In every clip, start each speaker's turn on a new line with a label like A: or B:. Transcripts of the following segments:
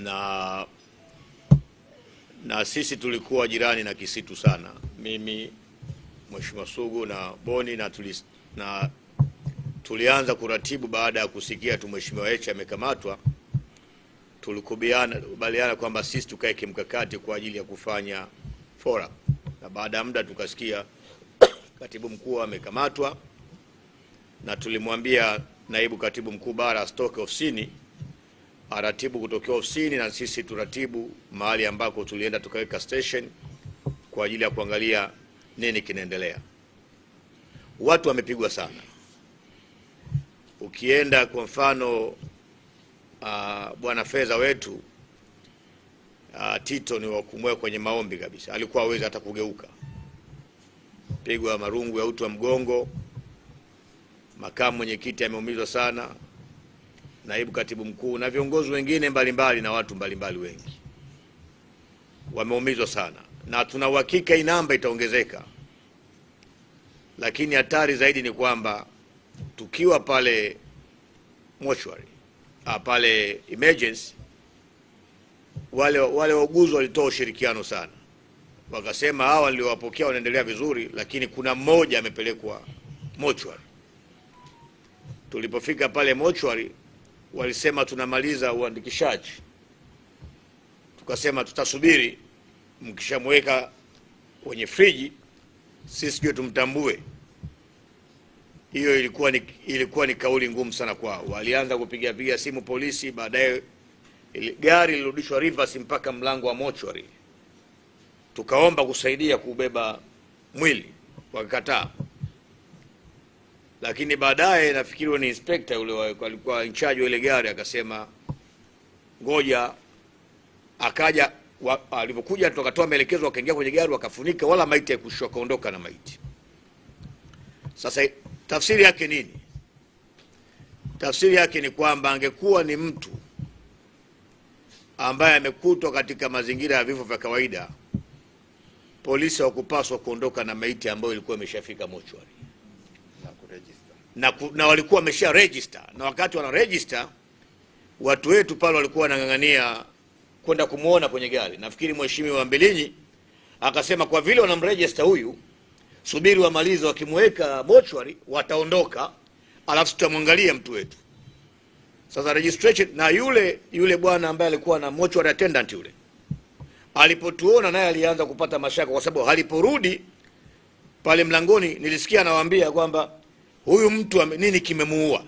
A: na na sisi tulikuwa jirani na Kisitu sana, mimi Mheshimiwa Sugu na Boni na, tulis, na tulianza kuratibu baada ya kusikia tu Mheshimiwa Heche amekamatwa, tulikubaliana kwamba sisi tukae kimkakati kwa ajili ya kufanya fora, na baada ya muda tukasikia katibu mkuu amekamatwa, na tulimwambia naibu katibu mkuu bara asitoke ofisini aratibu kutokea ofisini na sisi turatibu mahali ambako tulienda tukaweka station kwa ajili ya kuangalia nini kinaendelea. Watu wamepigwa sana. Ukienda kwa mfano uh, bwana fedha wetu uh, Tito ni wakumwea kwenye maombi kabisa, alikuwa hawezi hata kugeuka, pigwa marungu ya uti wa mgongo. Makamu mwenyekiti ameumizwa sana naibu katibu mkuu na viongozi wengine mbalimbali mbali na watu mbalimbali mbali wengi wameumizwa sana, na tuna uhakika hii namba itaongezeka, lakini hatari zaidi ni kwamba tukiwa pale mochwari ah, pale emergency, wale wale wauguzi walitoa ushirikiano sana, wakasema hawa niliowapokea wanaendelea vizuri, lakini kuna mmoja amepelekwa mochwari. Tulipofika pale mochwari walisema tunamaliza uandikishaji, tukasema tutasubiri, mkishamweka kwenye friji sisi ndio tumtambue. Hiyo ilikuwa ni, ilikuwa ni kauli ngumu sana kwao. Walianza kupiga piga simu polisi, baadaye gari lilirudishwa Rivers mpaka mlango wa mochwari, tukaomba kusaidia kubeba mwili, wakakataa lakini baadaye nafikiri ni inspekta yule alikuwa in charge wa ile gari akasema ngoja, akaja alivyokuja tukatoa maelekezo, akaingia kwenye gari wakafunika, wala maiti haikushwa, kaondoka na maiti. Sasa tafsiri yake nini? Tafsiri yake ni kwamba angekuwa ni mtu ambaye amekutwa katika mazingira ya vifo vya kawaida, polisi hawakupaswa kuondoka na maiti ambayo ilikuwa imeshafika mochwari na, ku, na walikuwa wamesha register, na wakati wana register watu wetu pale walikuwa wanang'ang'ania kwenda kumwona kwenye gari. Nafikiri mheshimiwa Mbilinyi akasema kwa vile wanamregister huyu, subiri wamalize, wakimweka mochwari wataondoka, alafu tutamwangalia mtu wetu. Sasa registration na yule yule bwana ambaye alikuwa na mochwari attendant yule alipotuona naye alianza kupata mashaka, kwa sababu aliporudi pale mlangoni nilisikia anawaambia kwamba huyu mtu ame, nini kimemuua?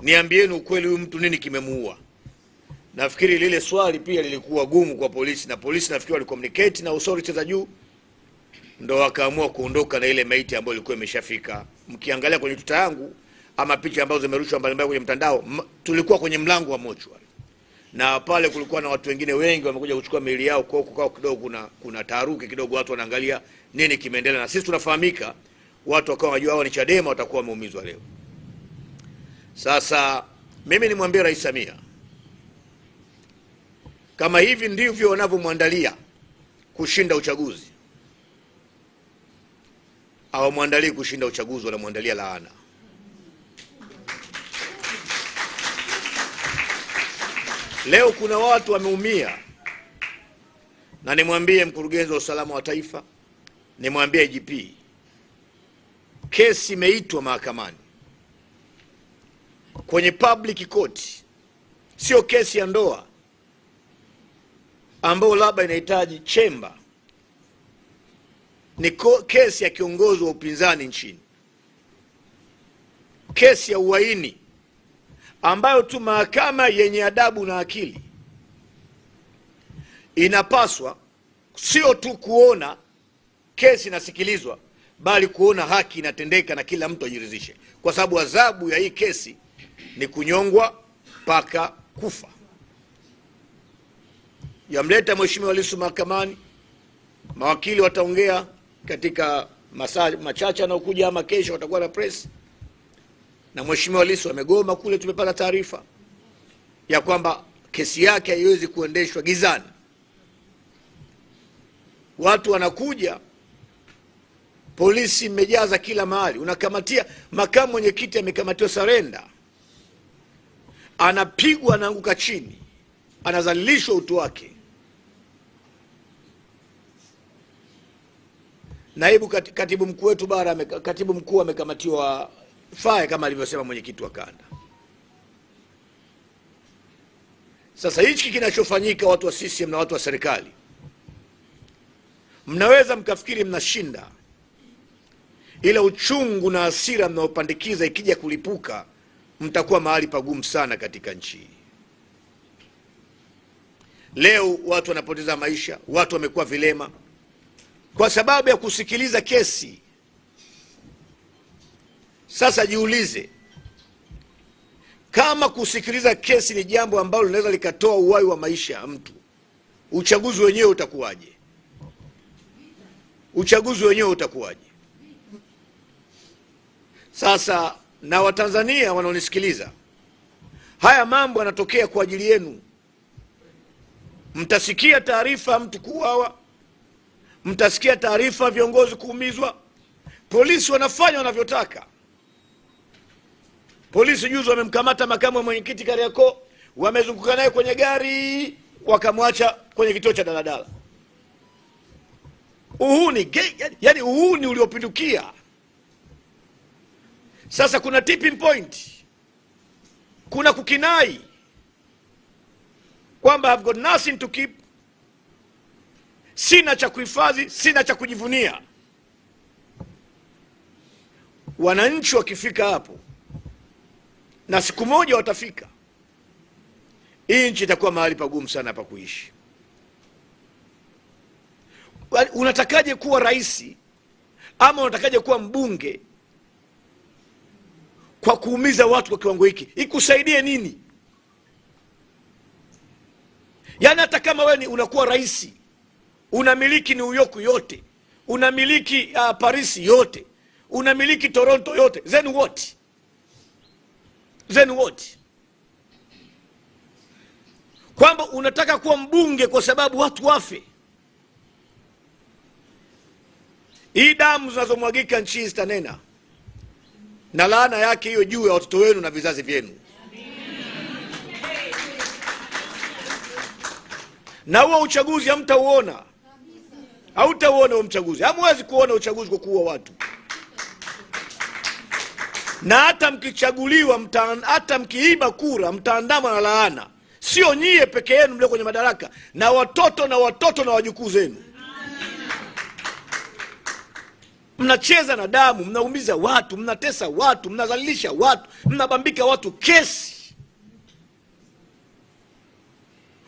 A: Niambieni ukweli, huyu mtu nini kimemuua? Nafikiri lile swali pia lilikuwa gumu kwa polisi, na polisi nafikiri walicommunicate na authority za juu, ndo wakaamua kuondoka na ile maiti ambayo ilikuwa imeshafika. Mkiangalia kwenye tuta yangu ama picha ambazo zimerushwa mbalimbali kwenye mtandao, tulikuwa kwenye mlango wa mochwari na pale kulikuwa na watu wengine wengi wamekuja kuchukua miili yao, kwa kukao kidogo kuna, kuna taharuki kidogo, watu wanaangalia nini kimeendelea, na sisi tunafahamika watu wakawa wanajua hao ni Chadema, watakuwa wameumizwa leo. Sasa mimi nimwambie Rais Samia kama hivi ndivyo wanavyomwandalia kushinda uchaguzi, awamwandalii kushinda uchaguzi, wanamwandalia laana. Leo kuna watu wameumia, na nimwambie mkurugenzi wa usalama wa taifa, nimwambie IGP kesi imeitwa mahakamani kwenye public court, sio kesi ya ndoa ambayo labda inahitaji chemba. Ni kesi ya kiongozi wa upinzani nchini, kesi ya uhaini ambayo tu mahakama yenye adabu na akili inapaswa sio tu kuona kesi inasikilizwa bali kuona haki inatendeka na kila mtu ajiridhishe, kwa sababu adhabu ya hii kesi ni kunyongwa mpaka kufa. Yamleta Mheshimiwa Lissu mahakamani, mawakili wataongea katika masaa machache anaokuja, ama kesho watakuwa na press. Na Mheshimiwa Lissu amegoma kule, tumepata taarifa ya kwamba kesi yake haiwezi kuendeshwa gizani, watu wanakuja polisi mmejaza kila mahali, unakamatia. Makamu mwenyekiti amekamatiwa sarenda, anapigwa, anaanguka chini, anazalilishwa utu wake. Naibu katibu mkuu wetu bara, katibu mkuu amekamatiwa fae, kama alivyosema mwenyekiti wa kanda. Sasa hichi kinachofanyika, watu wa CCM na watu wa serikali, mnaweza mkafikiri mnashinda ila uchungu na hasira mnaopandikiza ikija kulipuka, mtakuwa mahali pagumu sana katika nchi hii. Leo watu wanapoteza maisha, watu wamekuwa vilema kwa sababu ya kusikiliza kesi. Sasa jiulize, kama kusikiliza kesi ni jambo ambalo linaweza likatoa uhai wa maisha ya mtu, uchaguzi wenyewe utakuwaje? Uchaguzi wenyewe utakuwaje? Sasa na Watanzania wanaonisikiliza, haya mambo yanatokea kwa ajili yenu. Mtasikia taarifa mtu kuuawa, mtasikia taarifa viongozi kuumizwa. Polisi wanafanya wanavyotaka. Polisi juzi wamemkamata makamu wa mwenyekiti Kariakoo, wamezunguka naye kwenye gari wakamwacha kwenye kituo cha daladala. Uhuni, yaani uhuni uliopindukia. Sasa kuna tipping point, kuna kukinai kwamba I've got nothing to keep, sina cha kuhifadhi, sina cha kujivunia. Wananchi wakifika hapo, na siku moja watafika, hii nchi itakuwa mahali pagumu sana pa kuishi. Unatakaje kuwa raisi ama unatakaje kuwa mbunge kwa kuumiza watu kwa kiwango hiki ikusaidie nini? Yaani hata kama wewe unakuwa rais, unamiliki New York yote, unamiliki uh, parisi yote, unamiliki Toronto yote, then what? Then what? Kwamba unataka kuwa mbunge kwa sababu watu wafe? Hii damu zinazomwagika nchi hii zitanena na laana yake hiyo juu ya watoto wenu na vizazi vyenu. Na huo uchaguzi hamtauona, hautauona huo mchaguzi, hamwezi kuona uchaguzi kwa kuua watu, na hata mkichaguliwa mta, hata mkiiba kura mtaandama na laana, sio nyie peke yenu mlio kwenye madaraka, na watoto na watoto na wajukuu zenu. mnacheza na damu, mnaumiza watu, mnatesa watu, mnazalilisha watu, mnabambika watu kesi,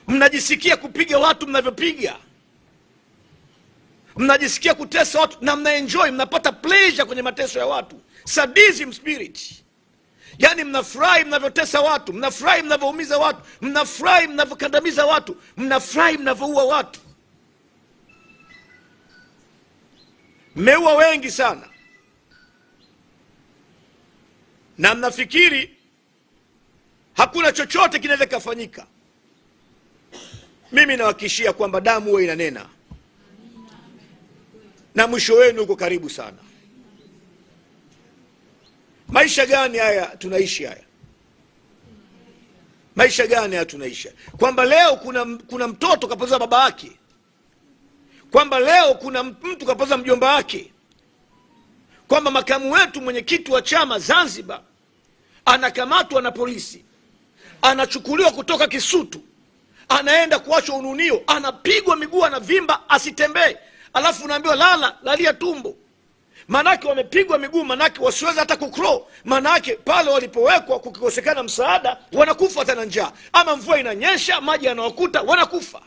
A: mnajisikia kupiga watu mnavyopiga, mnajisikia kutesa watu na mnaenjoy, mnapata pleasure kwenye mateso ya watu. Sadism spirit, yaani mnafurahi mnavyotesa watu, mnafurahi mnavyoumiza watu, mnafurahi mnavyokandamiza watu, mnafurahi mnavyoua watu. Mmeua wengi sana, na mnafikiri hakuna chochote kinaweza kikafanyika. Mimi nawahakikishia kwamba damu huwa inanena na mwisho wenu uko karibu sana. Maisha gani haya tunaishi? Haya maisha gani haya tunaishi? Kwamba leo kuna, kuna mtoto kapoteza baba yake kwamba leo kuna mtu kapoza mjomba wake kwamba makamu wetu mwenyekiti wa chama Zanzibar anakamatwa na polisi, anachukuliwa kutoka Kisutu, anaenda kuachwa Ununio, anapigwa miguu, anavimba asitembee, alafu unaambiwa lala, lalia tumbo. Manake wamepigwa miguu, manake wasiweza hata kukro, manake pale walipowekwa kukikosekana msaada, wanakufa hata njaa, ama mvua inanyesha maji yanawakuta, wanakufa.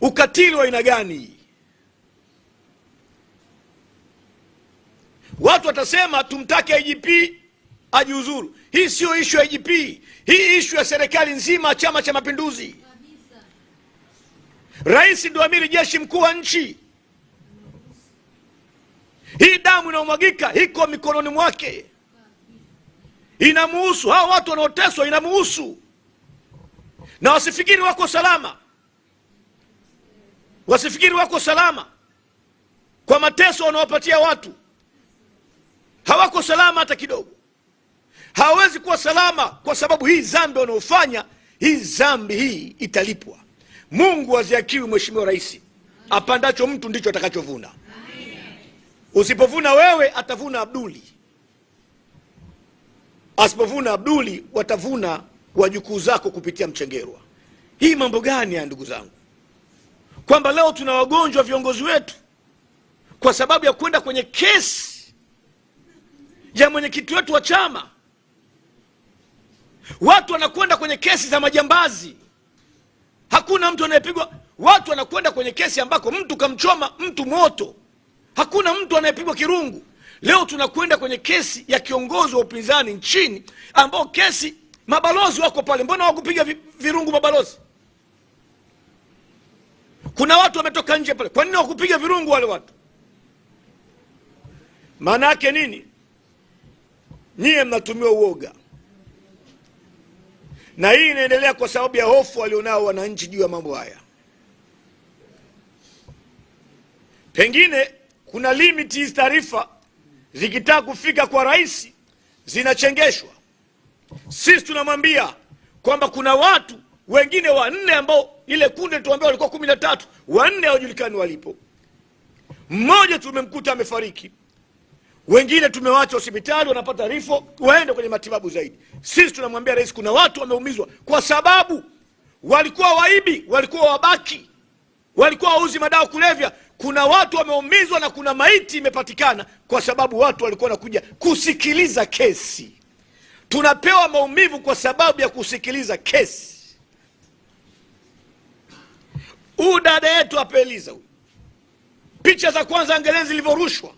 A: Ukatili wa aina gani? Watu watasema tumtake IGP ajiuzuru. Hii siyo ishu ya IGP, hii ishu ya serikali nzima, Chama cha Mapinduzi. Rais ndo amiri jeshi mkuu wa nchi. Hii damu inayomwagika iko mikononi mwake, inamuhusu. Hawa watu wanaoteswa inamuhusu, na wasifikiri wako salama. Wasifikiri wako salama kwa mateso wanaopatia watu, hawako salama hata kidogo. Hawawezi kuwa salama kwa sababu hii zambi wanaofanya, hii zambi hii italipwa. Mungu aziakiwi mweshimiwa raisi Apandacho mtu ndicho atakachovuna. Usipovuna wewe, atavuna Abduli. Asipovuna Abduli, watavuna wajukuu zako kupitia mchengerwa. Hii mambo gani ya ndugu zangu? kwamba leo tuna wagonjwa viongozi wetu kwa sababu ya kwenda kwenye kesi ya mwenyekiti wetu wa chama. Watu wanakwenda kwenye kesi za majambazi, hakuna mtu anayepigwa. Watu wanakwenda kwenye kesi ambako mtu kamchoma mtu moto, hakuna mtu anayepigwa kirungu. Leo tunakwenda kwenye kesi ya kiongozi wa upinzani nchini, ambao kesi mabalozi wako pale, mbona wakupiga virungu mabalozi? Kuna watu wametoka nje pale, kwa nini wakupiga virungu wale watu? Maana yake nini? Nyie mnatumiwa uoga, na hii inaendelea kwa sababu ya hofu walionao wananchi juu ya mambo haya. Pengine kuna limiti, hizi taarifa zikitaka kufika kwa rahisi zinachengeshwa. Sisi tunamwambia kwamba kuna watu wengine wanne ambao ile kunde tuambia walikuwa kumi na tatu, wanne hawajulikani walipo. Mmoja tumemkuta amefariki, wengine tumewacha hospitali wanapata rifo, waende kwenye matibabu zaidi. Sisi tunamwambia rais, kuna watu wameumizwa kwa sababu walikuwa waibi, walikuwa wabaki, walikuwa wauzi madawa kulevya. Kuna watu wameumizwa na kuna maiti imepatikana kwa sababu watu walikuwa wanakuja kusikiliza kesi. Tunapewa maumivu kwa sababu ya kusikiliza kesi. yetu Eliza huyu. Picha za kwanza Ngerezi zilivyorushwa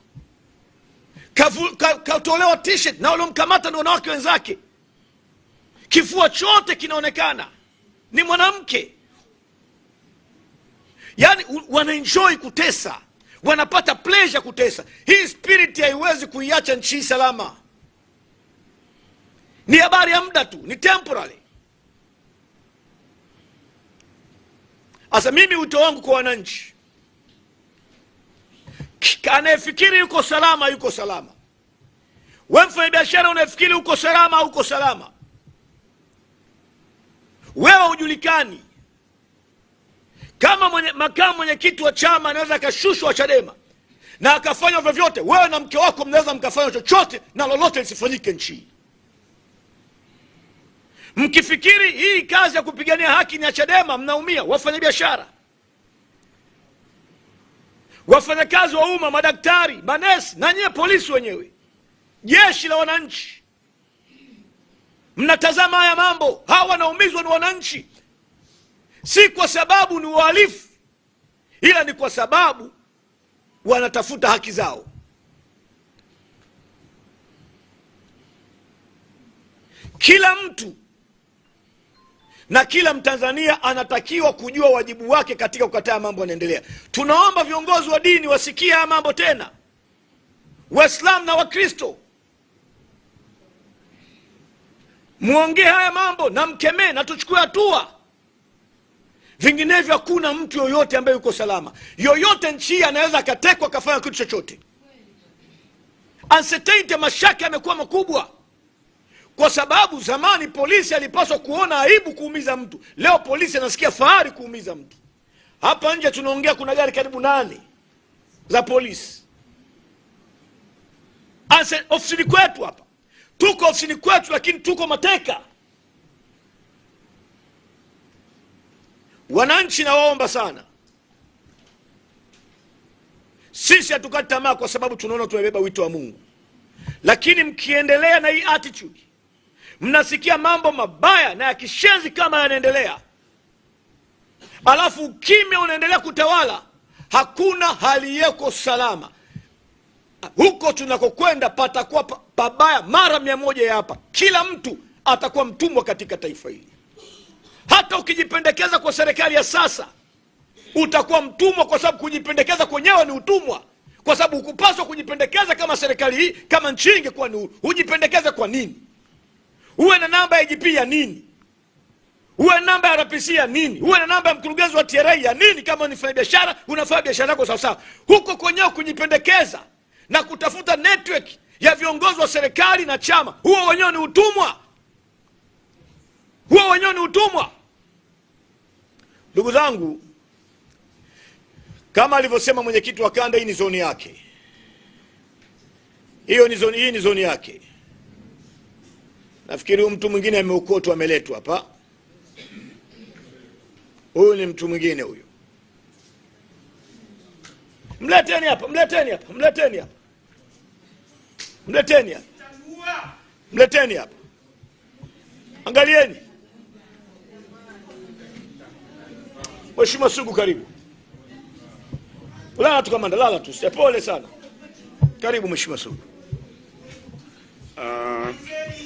A: katolewa t-shirt na waliomkamata ni wanawake wenzake, kifua chote kinaonekana ni mwanamke. Yani wanaenjoi kutesa, wanapata pleasure kutesa. Hii spirit haiwezi kuiacha nchi salama, ni habari ya muda tu, ni temporary. Sasa mimi wito wangu kwa wananchi, anayefikiri yuko salama yuko salama, we biashara unayefikiri uko salama uko salama, wewe hujulikani kama mwenye, makamu mwenyekiti wa chama anaweza akashushwa Chadema na akafanywa vyovyote, wewe na mke wako mnaweza mkafanywa chochote na lolote lisifanyike nchi Mkifikiri hii kazi ya kupigania haki ni ya Chadema, mnaumia. Wafanyabiashara, wafanyakazi wa umma, madaktari, manesi na nyie polisi wenyewe, jeshi la wananchi, mnatazama haya mambo. Hawa wanaumizwa ni wananchi, si kwa sababu ni uhalifu ila ni kwa sababu wanatafuta haki zao. Kila mtu na kila Mtanzania anatakiwa kujua wajibu wake katika kukataa mambo yanaendelea. Tunaomba viongozi wa dini wasikie haya mambo tena, waislam na Wakristo mwongee haya mambo na mkemee na tuchukue hatua, vinginevyo hakuna mtu yoyote ambaye yuko salama. Yoyote nchi hii anaweza akatekwa akafanya kitu chochote. Uncertainty, mashaka yamekuwa makubwa kwa sababu zamani polisi alipaswa kuona aibu kuumiza mtu, leo polisi anasikia fahari kuumiza mtu. Hapa nje tunaongea, kuna gari karibu nane za polisi ofisini kwetu hapa, tuko ofisini kwetu, lakini tuko mateka. Wananchi nawaomba sana, sisi hatukati tamaa, kwa sababu tunaona tumebeba wito wa Mungu, lakini mkiendelea na hii attitude mnasikia mambo mabaya na ya kishenzi kama yanaendelea, alafu ukimya unaendelea kutawala, hakuna yeko salama huko tunakokwenda patakuwa pabaya mara mia moja ya hapa. Kila mtu atakuwa mtumwa katika taifa hili. Hata ukijipendekeza kwa serikali ya sasa utakuwa mtumwa, kwa sababu kujipendekeza kwenyewe ni utumwa, kwa sababu hukupaswa kujipendekeza kama serikali hii, kama nchi ingekuwa ni hujipendekeze. Kwa nini? uwe na namba ya IGP ya nini? Uwe na namba ya RPC ya nini? Uwe na namba ya mkurugenzi wa TRA ya nini? Kama ni biashara, unafanya biashara yako sawasawa. Huko kwenyewe kujipendekeza na kutafuta network ya viongozi wa serikali na chama, huo wenyewe ni utumwa, huo wenyewe ni utumwa. Ndugu zangu, kama alivyosema mwenyekiti wa kanda, hii ni zoni yake, hiyo ni zoni, hii ni zoni yake. Nafikiri huyu mtu mwingine ameokotwa, ameletwa hapa. Huyu ni mtu mwingine huyu. Mleteni hapa, mleteni hapa, mleteni hapa, mleteni hapa, mleteni hapa, angalieni. mweshima Sugu, karibu. Lala tu kamanda, lala tu, pole sana. Karibu mweshima Sugu. Uh...